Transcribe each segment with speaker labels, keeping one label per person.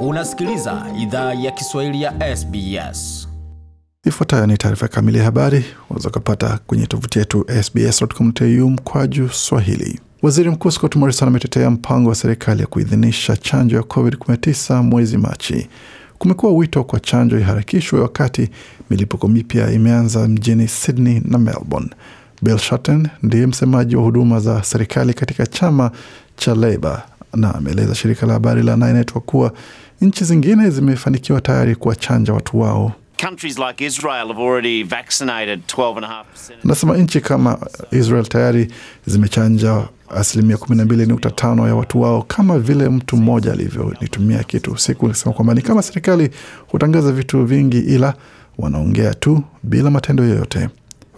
Speaker 1: Unasikiliza idhaa ya Kiswahili ya SBS. Ifuatayo ni taarifa kamili ya habari unaweza ukapata kwenye tovuti yetu sbs.com.au mkwaju swahili. Waziri Mkuu Scott Morrison ametetea mpango wa serikali ya kuidhinisha chanjo ya COVID-19 mwezi Machi. Kumekuwa wito kwa chanjo iharakishwe wakati milipuko mipya imeanza mjini Sydney na Melbourne. Bill Shorten ndiye msemaji wa huduma za serikali katika chama cha Labour na ameeleza shirika la habari la Nine Network kuwa Nchi zingine zimefanikiwa tayari kuwachanja watu wao. Anasema nchi kama Israel tayari zimechanja asilimia 12.5 ya watu wao, kama vile mtu mmoja alivyonitumia kitu usiku. Nasema kwamba ni kama serikali hutangaza vitu vingi, ila wanaongea tu bila matendo yoyote.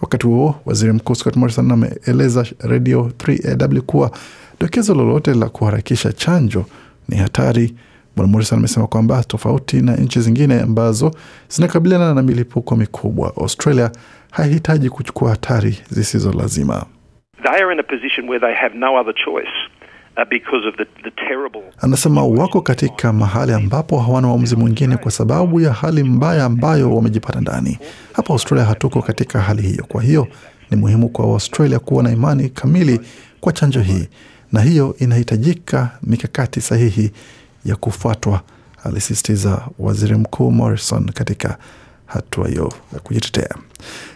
Speaker 1: Wakati huo waziri mkuu Scott Morrison ameeleza redio 3 AW kuwa dokezo lolote la kuharakisha chanjo ni hatari Bwana Morrison amesema kwamba tofauti na nchi zingine ambazo zinakabiliana na milipuko mikubwa, Australia haihitaji kuchukua hatari zisizo lazima. Uh, Anasema wako katika mahali ambapo hawana uamuzi mwingine kwa sababu ya hali mbaya ambayo wamejipata ndani. Hapa Australia hatuko katika hali hiyo, kwa hiyo ni muhimu kwa Australia kuwa na imani kamili kwa chanjo hii, na hiyo inahitajika mikakati sahihi ya kufuatwa, alisisitiza waziri mkuu Morrison katika hatua hiyo ya kujitetea.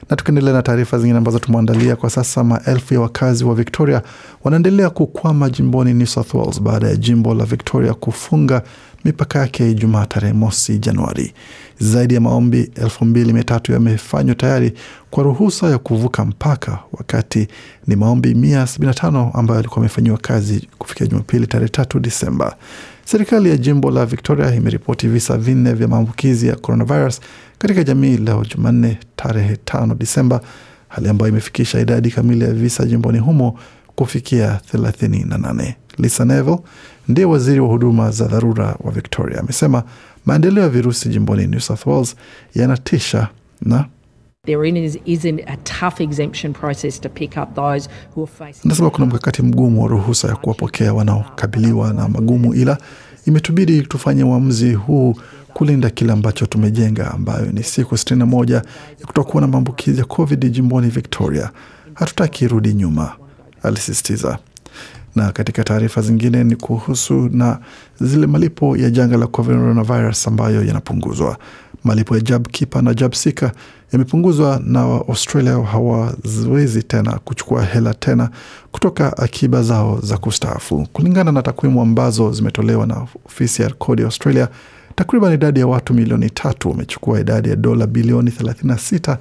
Speaker 1: Na tukiendelea na taarifa zingine ambazo tumeandalia kwa sasa, maelfu ya wakazi wa Victoria wanaendelea kukwama jimboni New South Wales baada ya jimbo la Victoria kufunga mipaka yake Ijumaa tarehe mosi Januari. Zaidi ya maombi elfu mbili mia tatu yamefanywa tayari kwa ruhusa ya kuvuka mpaka, wakati ni maombi tano ambayo yalikuwa amefanyiwa kazi kufikia Jumapili tarehe tatu Disemba. Serikali ya jimbo la Victoria imeripoti visa vinne vya maambukizi ya coronavirus katika jamii leo Jumanne tarehe tano Disemba, hali ambayo imefikisha idadi kamili ya visa jimboni humo kufikia 38. Lisa Neville ndiye waziri wa huduma za dharura wa Victoria amesema maendeleo ya virusi jimboni New South Wales yanatisha na Anasema kuna mkakati mgumu wa ruhusa ya kuwapokea wanaokabiliwa na magumu, ila imetubidi tufanye uamuzi huu kulinda kile ambacho tumejenga, ambayo ni siku 61 ya kutokuwa na maambukizi ya COVID jimboni Victoria. Hatutaki irudi nyuma alisisitiza. Na katika taarifa zingine ni kuhusu na zile malipo ya janga la coronavirus ambayo yanapunguzwa. Malipo ya Jab Keeper na Jab Seeker yamepunguzwa na Australia hawawezi tena kuchukua hela tena kutoka akiba zao za kustaafu. Kulingana na takwimu ambazo zimetolewa na ofisi ya kodi Australia, takriban idadi ya watu milioni tatu wamechukua idadi ya dola bilioni 36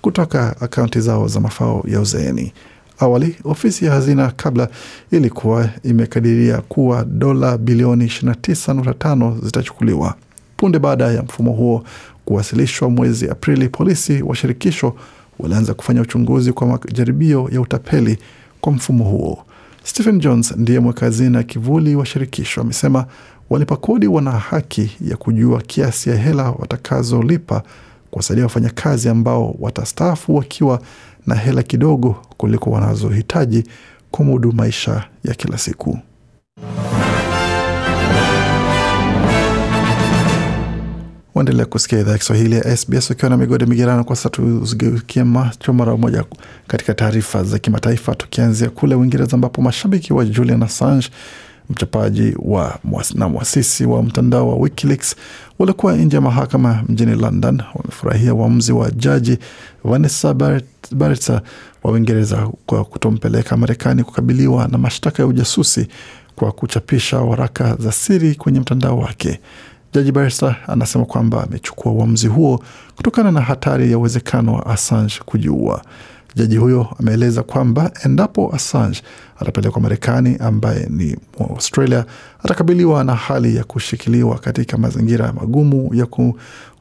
Speaker 1: kutoka akaunti zao za mafao ya uzeeni. Awali ofisi ya hazina kabla ilikuwa imekadiria kuwa dola bilioni 29.5 zitachukuliwa. Punde baada ya mfumo huo kuwasilishwa mwezi Aprili, polisi wa shirikisho walianza kufanya uchunguzi kwa majaribio ya utapeli kwa mfumo huo. Stephen Jones ndiye mweka hazina kivuli wa shirikisho, amesema walipa kodi wana haki ya kujua kiasi ya hela watakazolipa kuwasaidia wafanyakazi ambao watastaafu wakiwa na hela kidogo kuliko wanazohitaji kumudu maisha ya kila siku. Waendelea kusikia idhaa ya Kiswahili ya SBS ukiwa na migode migerano. Kwa sasa tuzigeukie macho mara moja katika taarifa za kimataifa, tukianzia kule Uingereza ambapo mashabiki wa Julian Assange mchapaji wa na mwasisi wa mtandao wa WikiLeaks waliokuwa nje ya mahakama mjini London wamefurahia uamuzi wa jaji Vanessa Barter wa Uingereza kwa kutompeleka Marekani kukabiliwa na mashtaka ya ujasusi kwa kuchapisha waraka za siri kwenye mtandao wake. Jaji Barrister anasema kwamba amechukua uamuzi huo kutokana na hatari ya uwezekano wa Assange kujiua. Jaji huyo ameeleza kwamba endapo Assange atapelekwa Marekani, ambaye ni Australia, atakabiliwa na hali ya kushikiliwa katika mazingira magumu ya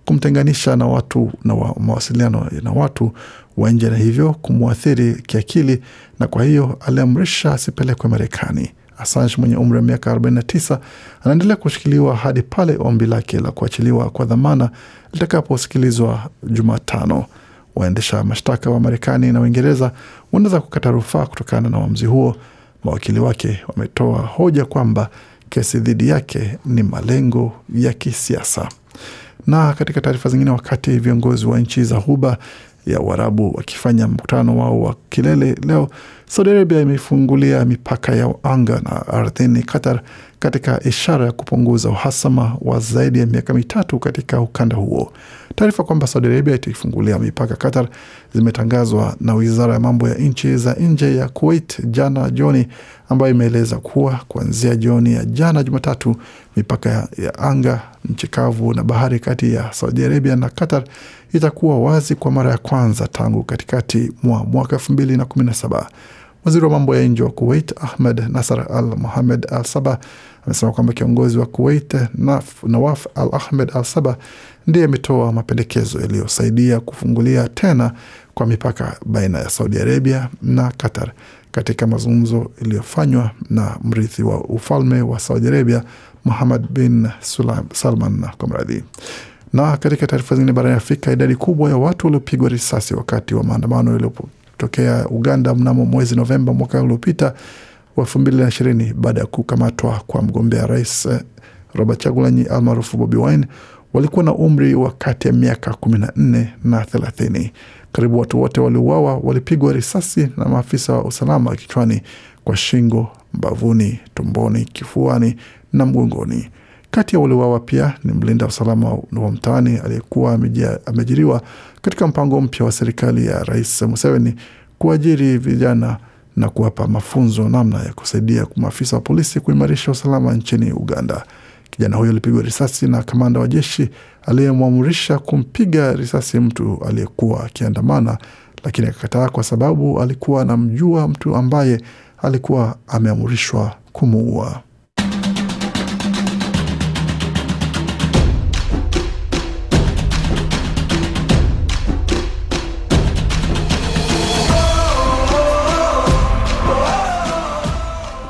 Speaker 1: kumtenganisha na watu na wa, mawasiliano na watu wa nje na hivyo kumwathiri kiakili, na kwa hiyo aliamrisha asipelekwe Marekani. Assange mwenye umri wa miaka 49 anaendelea kushikiliwa hadi pale ombi lake la kuachiliwa kwa dhamana litakaposikilizwa Jumatano. Waendesha mashtaka wa Marekani na Uingereza wanaweza kukata rufaa kutokana na uamuzi huo. Mawakili wake wametoa hoja kwamba kesi dhidi yake ni malengo ya kisiasa. Na katika taarifa zingine, wakati viongozi wa nchi za Ghuba ya Uarabu wakifanya mkutano wao wa kilele leo, Saudi Arabia imefungulia mipaka ya anga na ardhini Qatar katika ishara ya kupunguza uhasama wa zaidi ya miaka mitatu katika ukanda huo. Taarifa kwamba Saudi Arabia itaifungulia mipaka Qatar zimetangazwa na wizara ya mambo ya nchi za nje ya Kuwait jana jioni, ambayo imeeleza kuwa kuanzia jioni ya jana Jumatatu, mipaka ya anga, nchi kavu na bahari kati ya Saudi Arabia na Qatar itakuwa wazi kwa mara ya kwanza tangu katikati mwa mwaka elfu mbili na kumi na saba. Waziri wa mambo ya nje wa Kuwait Ahmed nasar Al muhamed Al Saba amesema kwamba kiongozi wa Kuwait Naf, Nawaf Al Ahmed Al Saba ndiye ametoa mapendekezo yaliyosaidia kufungulia tena kwa mipaka baina ya Saudi Arabia na Qatar katika mazungumzo iliyofanywa na mrithi wa ufalme wa Saudi Arabia Muhammad bin Salman kwa mradhi. Na katika taarifa zingine barani Afrika, idadi kubwa ya watu waliopigwa risasi wakati wa maandamano yaliyopo kutokea Uganda mnamo mwezi Novemba mwaka uliopita wa elfu mbili na ishirini baada ya kukamatwa kwa mgombea rais eh, Robert Chagulanyi almaarufu Bobi Wine walikuwa na umri wa kati ya miaka kumi na nne na thelathini Karibu watu wote waliuawa walipigwa risasi na maafisa wa usalama kichwani, kwa shingo, mbavuni, tumboni, kifuani na mgongoni. Kati ya waliouawa pia ni mlinda usalama wa mtaani aliyekuwa ameajiriwa katika mpango mpya wa serikali ya Rais Museveni kuajiri vijana na kuwapa mafunzo namna ya kusaidia maafisa wa polisi kuimarisha usalama nchini Uganda. Kijana huyo alipigwa risasi na kamanda wa jeshi aliyemwamurisha kumpiga risasi mtu aliyekuwa akiandamana, lakini akakataa kwa sababu alikuwa anamjua mtu ambaye alikuwa ameamurishwa kumuua.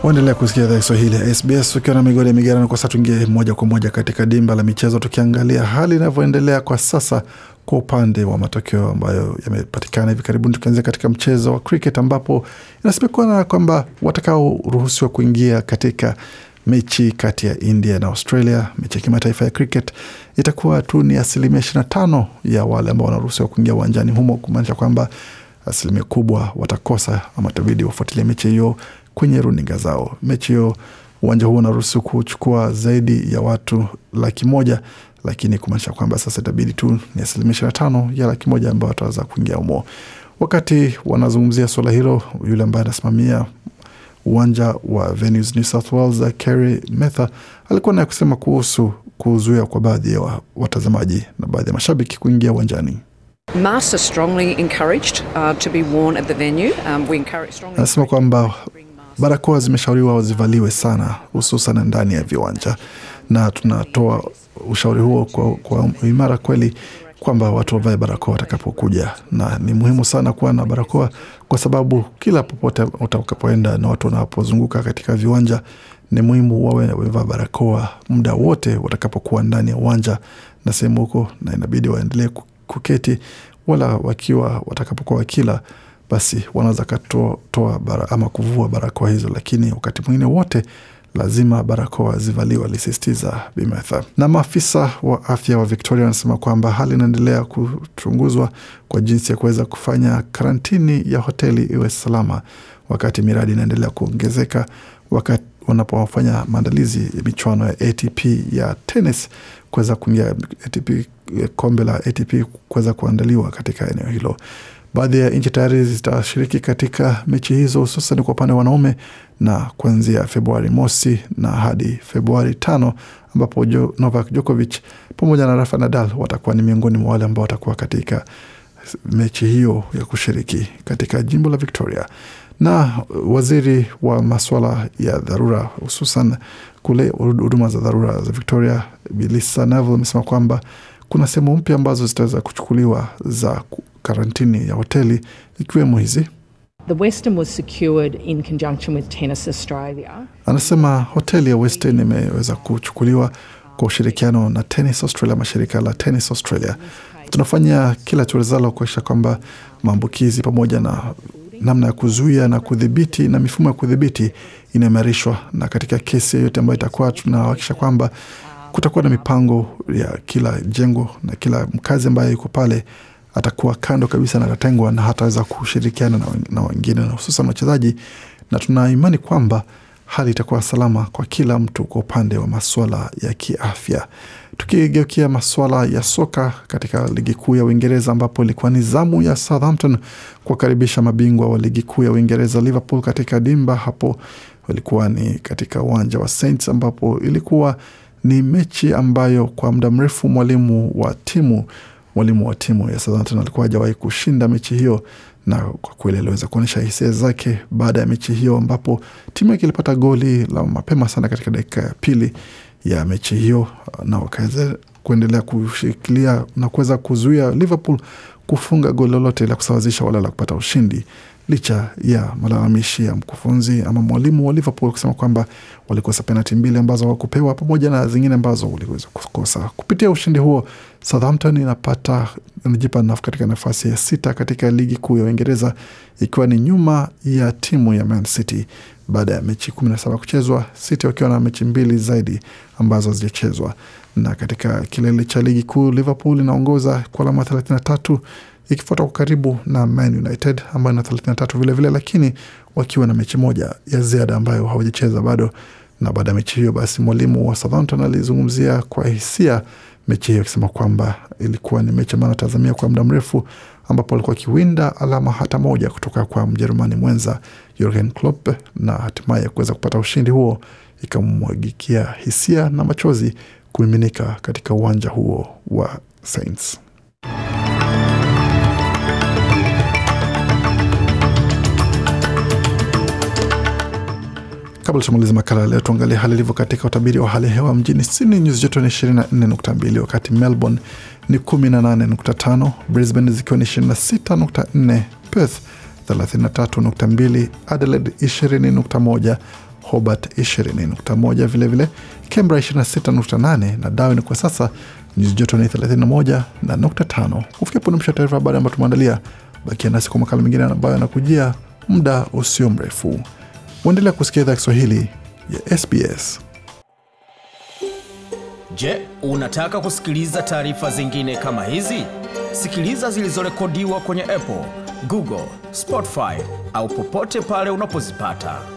Speaker 1: Waendelea kusikia idhaa Kiswahili ya SBS ukiwa na migodi ya migarano. Kwa sasa tuingie moja kwa moja katika dimba la michezo, tukiangalia hali inavyoendelea kwa sasa kwa upande wa matokeo ambayo yamepatikana hivi karibuni, tukianzia katika mchezo wa cricket ambapo inasemekana kwamba watakaoruhusiwa kuingia katika mechi kati ya India na Australia, mechi ya kimataifa ya cricket, itakuwa tu ni asilimia ishirini na tano ya wale ambao wanaruhusiwa kuingia uwanjani humo, kumaanisha kwamba asilimia kubwa watakosa ama tabidi wafuatilia mechi hiyo kwenye runinga zao. Mechi hiyo, uwanja huo unaruhusu kuchukua zaidi ya watu laki moja lakini kumaanisha kwamba sasa itabidi tu ni asilimia ishirini na tano ya laki moja ambao wataweza kuingia humo. Wakati wanazungumzia suala hilo, yule ambaye anasimamia uwanja wa venues New South Wales, Kerry alikuwa naye kusema kuhusu kuzuia kwa baadhi ya watazamaji na baadhi ya mashabiki kuingia uwanjani. Uh, um, Anasema kwamba Barakoa zimeshauriwa zivaliwe sana, hususan ndani ya viwanja, na tunatoa ushauri huo kwa, kwa imara kweli kwamba watu wavae barakoa watakapokuja, na ni muhimu sana kuwa na barakoa kwa sababu kila popote utakapoenda na watu wanapozunguka katika viwanja, ni muhimu wawe wamevaa barakoa muda wote watakapokuwa ndani ya uwanja na sehemu huko, na inabidi waendelee kuketi wala wakiwa watakapokuwa wakila basi wanaweza katoa bara, ama kuvua barakoa hizo, lakini wakati mwingine wote lazima barakoa zivaliwe, alisisitiza Bimetha. Na maafisa wa afya wa Victoria wanasema kwamba hali inaendelea kuchunguzwa kwa jinsi ya kuweza kufanya karantini ya hoteli iwe salama, wakati miradi inaendelea kuongezeka, wakati wanapofanya maandalizi ya michuano ya ATP ya tenis kuweza kuingia ATP kombe la ATP kuweza kuandaliwa katika eneo hilo. Baadhi ya nchi tayari zitashiriki katika mechi hizo hususan kwa upande wa wanaume na kuanzia Februari mosi na hadi Februari tano ambapo Novak Djokovic pamoja na Rafa Nadal watakuwa ni miongoni mwa wale ambao watakuwa katika mechi hiyo ya kushiriki katika jimbo la Victoria. Na waziri wa masuala ya dharura hususan kule huduma za dharura za Victoria, Bilisa Neville amesema kwamba kuna sehemu mpya ambazo zitaweza kuchukuliwa za karantini ya hoteli ikiwemo hizi. The Western was secured in conjunction with Tennis Australia. Anasema hoteli ya Western imeweza kuchukuliwa kwa ushirikiano na Tennis Australia, mashirika la Tennis Australia. Tunafanya kila tuwezalo kuakisha kwamba maambukizi pamoja na namna ya kuzuia na kudhibiti na mifumo ya kudhibiti inaimarishwa, na katika kesi yoyote ambayo itakuwa tunahakikisha kwamba kutakuwa na mipango ya kila jengo na kila mkazi ambaye yuko pale atakuwa kando kabisa na atatengwa na hataweza kushirikiana na wengine na hususan wachezaji, na tunaimani kwamba hali itakuwa salama kwa kila mtu kwa upande wa maswala ya kiafya. Tukigeukia maswala ya soka katika ligi kuu ya Uingereza, ambapo ilikuwa ni zamu ya Southampton kuwakaribisha mabingwa wa ligi kuu ya Uingereza Liverpool katika dimba hapo, ilikuwa ni katika uwanja wa Saints ambapo ilikuwa ni mechi ambayo kwa muda mrefu mwalimu wa timu mwalimu wa timu ya Southampton alikuwa hajawahi kushinda mechi hiyo, na kwa kweli aliweza kuonyesha hisia zake baada ya mechi hiyo, ambapo timu yake ilipata goli la mapema sana katika dakika ya pili ya mechi hiyo, na wakaweza kuendelea kushikilia na kuweza kuzuia Liverpool kufunga goli lolote la kusawazisha wala la kupata ushindi licha ya malalamishi ya mkufunzi ama mwalimu wa Liverpool kusema kwamba walikosa penalti mbili ambazo wakupewa pamoja na zingine ambazo waliweza kukosa. Kupitia ushindi huo, Southampton inapata inajipa naf katika nafasi ya sita katika ligi kuu ya Uingereza ikiwa ni nyuma ya timu ya Man City baada ya mechi 17 kuchezwa, City wakiwa na mechi mbili zaidi ambazo hazijachezwa. Na katika kilele cha ligi kuu Liverpool inaongoza kwa alama 33 ikifuatwa kwa karibu na Man United ambayo ina 33 vilevile, lakini wakiwa na mechi moja ya ziada ambayo hawajacheza bado. Na baada ya mechi hiyo, basi mwalimu wa Southampton alizungumzia kwa hisia mechi hiyo akisema kwamba ilikuwa ni mechi ambayo anatazamia kwa muda mrefu, ambapo alikuwa akiwinda alama hata moja kutoka kwa Mjerumani mwenza Jurgen Klopp, na hatimaye kuweza kupata ushindi huo ikamwagikia hisia na machozi kumiminika katika uwanja huo wa Saints. Kabla tumalize makala leo, tuangalie hali ilivyo katika utabiri wa hali ya hewa mjini Sydney, nyuzi joto ni 24.2, wakati Melbourne ni 18.5, Brisbane zikiwa ni 26.4, Perth 33.2, Adelaide 20.1, Hobart 20.1, vilevile Canberra 26.8 na Darwin kwa sasa nyuzi joto ni 31 na nukta tano. Kufikia punde mwisho wa taarifa habari ambayo tumeandalia. Bakia nasi kwa makala mengine ambayo yanakujia muda usio mrefu uendelea kusikia idhaa Kiswahili ya SBS. Je, unataka kusikiliza taarifa zingine kama hizi? Sikiliza zilizorekodiwa kwenye Apple, Google, Spotify au popote pale unapozipata.